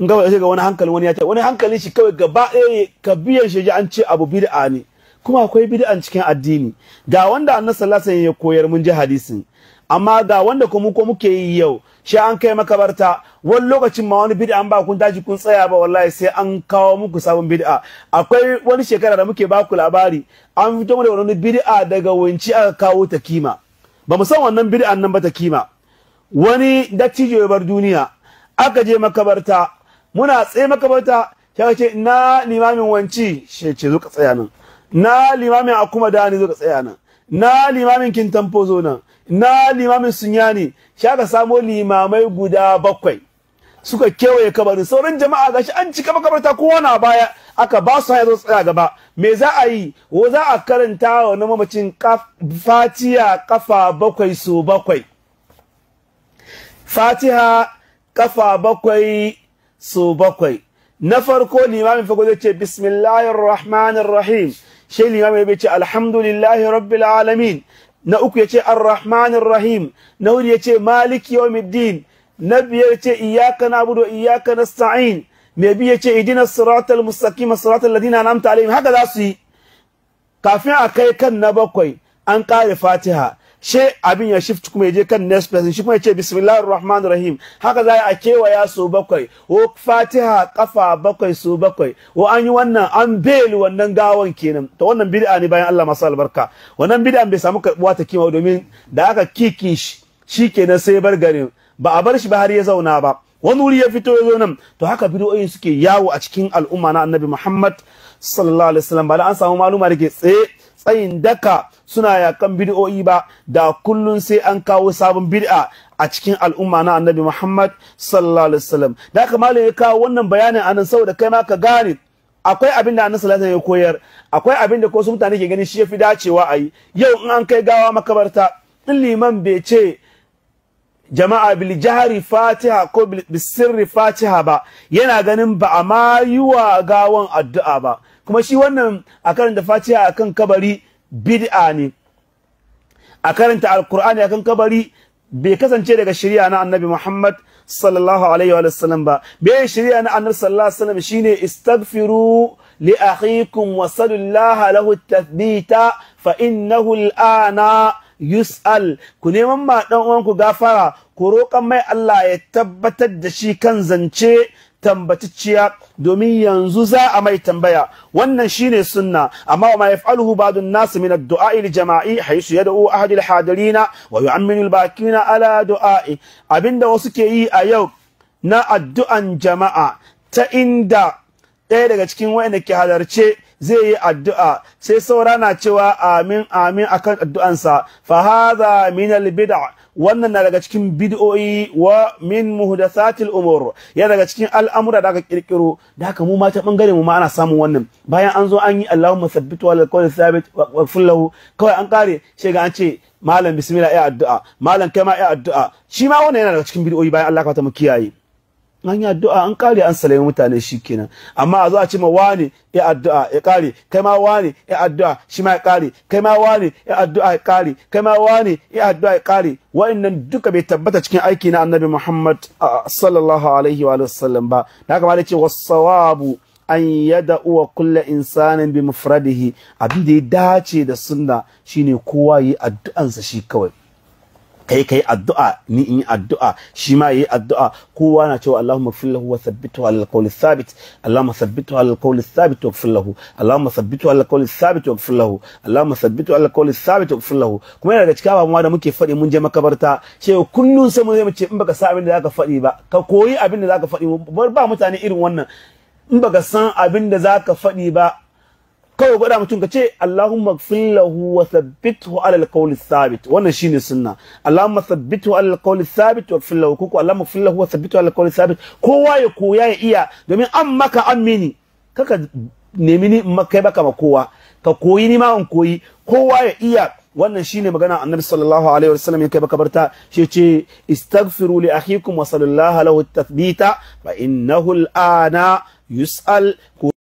in gaba sai ga wani hankalin wani ya ta wani hankalin shi kawai gaba ɗaya ka biyan shi an ce abu bid'a ne kuma akwai bid'an cikin addini ga wanda annabi sallallahu alaihi ya koyar mun ji hadisin amma ga wanda kuma ko muke yi yau shi an kai makabarta wani lokacin ma wani bid'a ba kun tashi kun tsaya ba wallahi sai an kawo muku sabon bid'a akwai wani shekara da muke ba ku labari an fito da wani bid'a daga wanci aka kawo ta kima ba mu san wannan bid'an nan ba ta kima wani dattijo ya bar duniya aka je makabarta muna tsaye bauta sai ce na limamin wanci shi ce zo ka tsaya nan na limamin akuma da ni zo ka tsaya nan na limamin kintampo zo nan na limamin sunyani shi aka samo limamai guda bakwai suka kewaye kabarin sauran jama'a gashi an cika makabarta kowa na baya aka ba su haya zo tsaya gaba me za a yi wo za a karanta wa na mamacin fatiha kafa bakwai so bakwai fatiha kafa bakwai su bakwai na farko limamin farko zai ce bismillahir rahmanir rahim shi limamin ya ce alhamdulillahi rabbil alamin na uku ya ce arrahmanir rahim na hudu ya ce maliki yawmiddin na biyar ya ce iyyaka na'budu iyyaka nasta'in mai biyu ya ce idina siratal mustaqim siratal ladina an'amta alaihim haka za su yi kafin a kai kan na bakwai an kare fatiha she abin ya shift kuma ya je kan next person shi kuma ya ce bismillahir rahmanir rahim haka za a kewaya so bakwai ko fatiha kafa bakwai so bakwai ko an yi wannan an beli wannan gawan kenan to wannan bid'a ne bayan Allah masa albarka wannan bid'a bai samu karbuwa ta kima domin da aka kiki shi shikenan sai bar garin ba a bar shi ba har ya zauna ba wani wuri ya fito ya zo nan to haka bid'o'in suke yawo a cikin al'umma na annabi Muhammad sallallahu alaihi wasallam ba an samu maluma da ke tsaye tsayin daka suna yakan bid'o'i ba da kullun sai an kawo sabon bid'a a cikin al'umma na annabi Muhammad sallallahu alaihi wasallam da haka malam ya kawo wannan bayanin anan saboda kai ma ka gane akwai abin da annabi sallallahu ya koyar akwai abin da ko su mutane ke gani shi yafi dacewa ayi yau in an kai gawa makabarta in liman bai ce jama'a bil jahri fatiha ko bil sirri fatiha ba yana ganin ba a ma gawan addu'a ba kuma shi wannan a karanta fatiha akan kabari bid'a ne a karanta alkur'ani akan kabari bai kasance daga shirya na annabi Muhammad sallallahu alaihi wa sallam ba bai shirya na annabi sallallahu alaihi wa sallam shine istaghfiru li akhikum wa sallallahu lahu tathbita fa innahu al'ana yus'al ku neman ma dan uwanku gafara ku roƙan mai Allah ya tabbatar da shi kan zance tambatacciya domin yanzu za a mai tambaya wannan shine sunna amma wa ma yaf'aluhu ba'd an-nas min ad-du'a jama'i haythu yad'u ahad al-hadirina wa yu'minu al-bakina ala du'a'i abinda wasu ke yi a yau na addu'an jama'a ta inda ɗaya daga cikin wayanda ke halarce zai yi addu'a sai saura na cewa amin amin akan addu'ansa fa hadha min al bid'a wannan na daga cikin bid'o'i wa min muhdathatil umur ya daga cikin al'amura da aka kirkiro da haka mu ma ta bangare mu ma ana samun wannan bayan an zo an yi Allahumma thabbit wal qawl thabit wa fullahu kawai an kare sai ga an ce malam bismillah ya addu'a malam kai ma ya addu'a shi ma wannan yana daga cikin bid'o'i bayan Allah ka ta mu kiyaye an yi addu'a an kare an salami mutane shi kenan amma a zo a ce ma wani ya addu'a ya kare kai ma wani ya addu'a shi ma ya kare kai ma wani ya addu'a ya kare kai ma wani ya addu'a ya kare wa'annan duka bai tabbata cikin aiki na annabi muhammad sallallahu alaihi wa sallam ba da haka ma da ce wasawabu an yada uwa kulla insanin bi mufradihi abin da ya dace da sunna shine kowa yi addu'ansa shi kawai kai kai addu'a ni in addu'a shi ma yayi addu'a kowa na cewa Allahumma fillahu wa thabbitu ala alqawli thabit Allahumma thabbitu ala alqawli thabit wa fillahu Allahumma thabbitu ala alqawli thabit wa fillahu Allahumma thabbitu ala alqawli thabit wa fillahu kuma daga cikin abubuwa da muke faɗi mun je makabarta cewa kullun sai mun zai mu ce in baka sa abin da zaka faɗi ba ka koyi abin da zaka faɗi ba mutane irin wannan in baka san abin da zaka faɗi ba kawai gwada mutum ka ce Allahumma fillahu wa thabbithu ala alqawli thabit wannan shine sunna Allahumma thabbithu ala alqawli thabit wa fillahu kuku Allahumma fillahu wa thabbithu ala alqawli thabit kowa ya koya ya iya domin an maka an mini kaka nemi ni kai baka ma kowa ka koyi ni ma in koyi kowa ya iya wannan shine magana annabi sallallahu alaihi wasallam yake makabarta shi ce istaghfiru li akhikum wa sallallahu lahu at-tathbita fa innahu al-ana yus'al